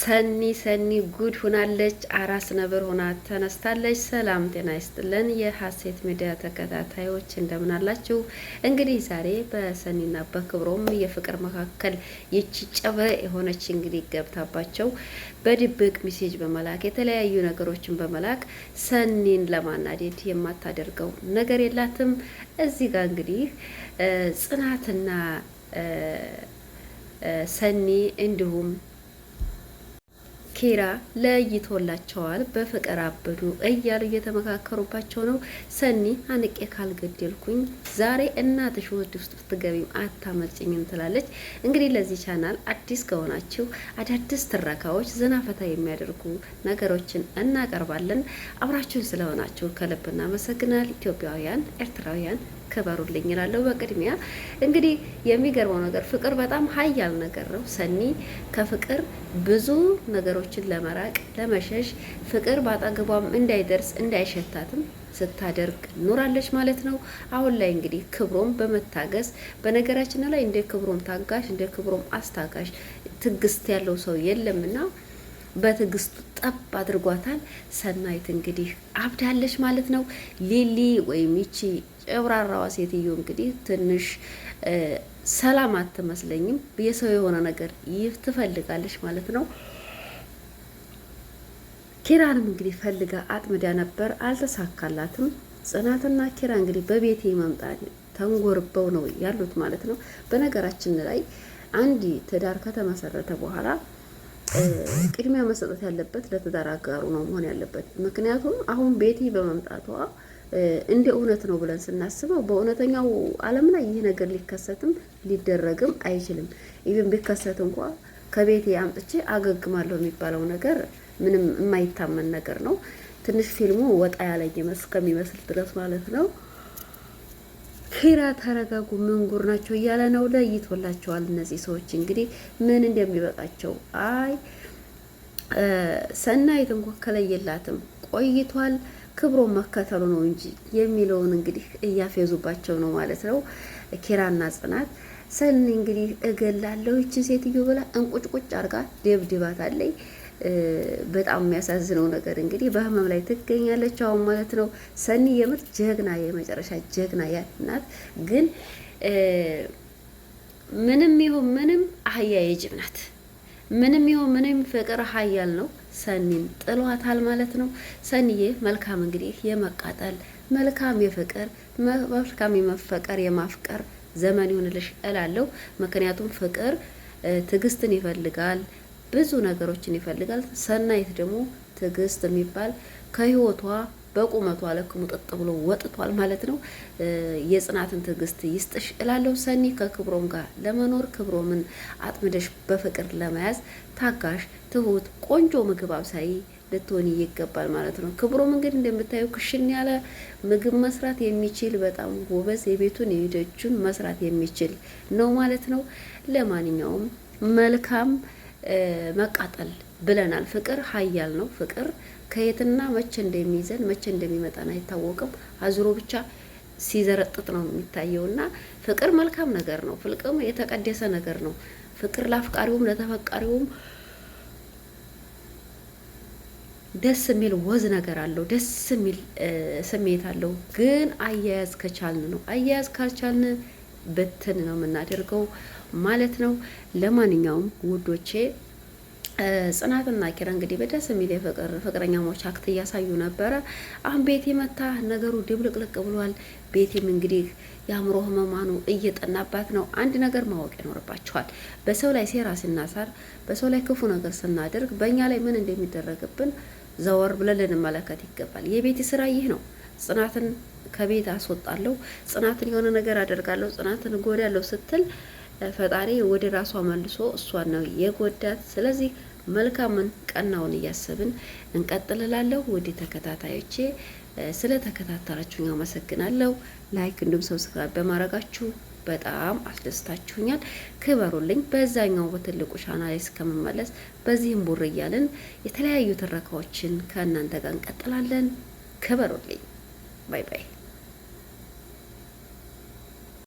ሰኒ ሰኒ ጉድ ሆናለች። አራስ ነብር ሆና ተነስታለች። ሰላም ጤና ይስጥልን የሀሴት ሚዲያ ተከታታዮች እንደምን አላችሁ? እንግዲህ ዛሬ በሰኒና በክብሮም የፍቅር መካከል ይቺ ጨበ የሆነች እንግዲህ ገብታባቸው በድብቅ ሚሴጅ በመላክ የተለያዩ ነገሮችን በመላክ ሰኒን ለማናደድ የማታደርገው ነገር የላትም። እዚህ ጋር እንግዲህ ጽናትና ሰኒ እንዲሁም ኪራ ለይቶላቸዋል። በፍቅር አበዱ እያሉ እየተመካከሩባቸው ነው። ሰኒ አንቄ ካልገደልኩኝ ዛሬ እናትሽ ወድ ውስጥ ብትገቢም አታመልጭኝም ትላለች። እንግዲህ ለዚህ ቻናል አዲስ ከሆናችሁ አዳዲስ ትረካዎች፣ ዘናፈታ ፈታ የሚያደርጉ ነገሮችን እናቀርባለን። አብራችሁን ስለሆናችሁ ከልብ እናመሰግናል። ኢትዮጵያውያን ኤርትራውያን ክበሩልኝ ይላለሁ። በቅድሚያ እንግዲህ የሚገርመው ነገር ፍቅር በጣም ሀያል ነገር ነው። ሰኒ ከፍቅር ብዙ ነገሮችን ለመራቅ ለመሸሽ፣ ፍቅር በአጠገቧም እንዳይደርስ እንዳይሸታትም ስታደርግ ኑራለች ማለት ነው። አሁን ላይ እንግዲህ ክብሮም በመታገስ በነገራችን ላይ እንደ ክብሮም ታጋሽ እንደ ክብሮም አስታጋሽ ትግስት ያለው ሰው የለምና በትዕግስቱ ጠብ አድርጓታል። ሰናይት እንግዲህ አብዳለች ማለት ነው። ሊሊ ወይም ይቺ ጨብራራዋ ሴትዮ እንግዲህ ትንሽ ሰላም አትመስለኝም። የሰው የሆነ ነገር ይህ ትፈልጋለች ማለት ነው። ኪራንም እንግዲህ ፈልጋ አጥምዳ ነበር፣ አልተሳካላትም። ጽናትና ኪራ እንግዲህ በቤቴ መምጣት ተንጎርበው ነው ያሉት ማለት ነው። በነገራችን ላይ አንድ ትዳር ከተመሰረተ በኋላ ቅድሚያ መሰጠት ያለበት ለትዳር አጋሩ ነው መሆን ያለበት። ምክንያቱም አሁን ቤቲ በመምጣቷ እንደ እውነት ነው ብለን ስናስበው በእውነተኛው ዓለም ላይ ይህ ነገር ሊከሰትም ሊደረግም አይችልም። ኢቭን ቢከሰት እንኳ ከቤቴ አምጥቼ አገግማለሁ የሚባለው ነገር ምንም የማይታመን ነገር ነው። ትንሽ ፊልሙ ወጣ ያለ ከሚመስል ድረስ ማለት ነው። ኪራ ተረጋጉ፣ ምንጉር ናቸው እያለ ነው። ለይቶላቸዋል። እነዚህ ሰዎች እንግዲህ ምን እንደሚበቃቸው አይ ሰናይት እንኳ ከለየላትም ቆይቷል። ክብሮ መከተሉ ነው እንጂ የሚለውን እንግዲህ እያፌዙባቸው ነው ማለት ነው። ኪራና ጽናት ሰኒ እንግዲህ እገላለሁ ይችን ሴትዮ ብላ እንቁጭቁጭ አርጋ ደብድባት አለኝ በጣም የሚያሳዝነው ነገር እንግዲህ በህመም ላይ ትገኛለች አሁን ማለት ነው። ሰኒ የምር ጀግና፣ የመጨረሻ ጀግና ያናት ግን ምንም ይሁን ምንም አህያ የጅብ ናት። ምንም ይሁን ምንም ፍቅር ሀያል ነው። ሰኒን ጥሏታል ማለት ነው። ሰኒዬ መልካም እንግዲህ የመቃጠል መልካም የፍቅር መልካም የመፈቀር የማፍቀር ዘመን ይሆንልሽ እላለሁ። ምክንያቱም ፍቅር ትዕግስትን ይፈልጋል፣ ብዙ ነገሮችን ይፈልጋል። ሰናይት ደግሞ ትዕግስት የሚባል ከህይወቷ በቁመቷ ልክ ሙጥጥ ብሎ ወጥቷል ማለት ነው። የጽናትን ትዕግስት ይስጥሽ እላለሁ። ሰኒ ከክብሮም ጋር ለመኖር ክብሮምን አጥምደሽ በፍቅር ለመያዝ ታጋሽ፣ ትሁት፣ ቆንጆ ምግብ አብሳይ ልትሆን ይገባል ማለት ነው። ክብሮም እንግዲህ እንደምታዩ ክሽን ያለ ምግብ መስራት የሚችል በጣም ጎበዝ፣ የቤቱን የደጁን መስራት የሚችል ነው ማለት ነው። ለማንኛውም መልካም መቃጠል ብለናል። ፍቅር ኃያል ነው። ፍቅር ከየትና መቼ እንደሚይዘን መቼ እንደሚመጣን አይታወቅም። አዙሮ ብቻ ሲዘረጥጥ ነው የሚታየው እና ፍቅር መልካም ነገር ነው። ፍልቅም የተቀደሰ ነገር ነው። ፍቅር ለአፍቃሪውም ለተፈቃሪውም ደስ የሚል ወዝ ነገር አለው። ደስ የሚል ስሜት አለው። ግን አያያዝ ከቻልን ነው። አያያዝ ካልቻልን ብትን ነው የምናደርገው። ማለት ነው። ለማንኛውም ውዶቼ ጽናትና ኪራ እንግዲህ በደስ የሚል የፍቅር ፍቅረኛሞች አክት እያሳዩ ነበረ። አሁን ቤቴ መታ ነገሩ ድብልቅልቅ ብሏል። ቤቴም እንግዲህ የአእምሮ ህመማኑ እየጠናባት ነው። አንድ ነገር ማወቅ ይኖርባቸዋል። በሰው ላይ ሴራ ስናሳር፣ በሰው ላይ ክፉ ነገር ስናደርግ፣ በእኛ ላይ ምን እንደሚደረግብን ዘወር ብለን ልንመለከት ይገባል። የቤቲ ስራ ይህ ነው። ጽናትን ከቤት አስወጣለሁ፣ ጽናትን የሆነ ነገር አደርጋለሁ፣ ጽናትን እጎዳለሁ ስትል ፈጣሪ ወደ ራሷ መልሶ እሷን ነው የጎዳት። ስለዚህ መልካምን ቀናውን እያሰብን እንቀጥልላለሁ። ወደ ተከታታዮቼ ስለ ተከታተላችሁኝ አመሰግናለሁ። ላይክ እንዲሁም ሰብስክራይብ በማድረጋችሁ በጣም አስደስታችሁኛል። ክበሩልኝ። በዛኛው በትልቁ ቻናል ላይ እስከምመለስ በዚህም ቡር እያልን የተለያዩ ትረካዎችን ከእናንተ ጋር እንቀጥላለን። ክበሩልኝ። ባይ ባይ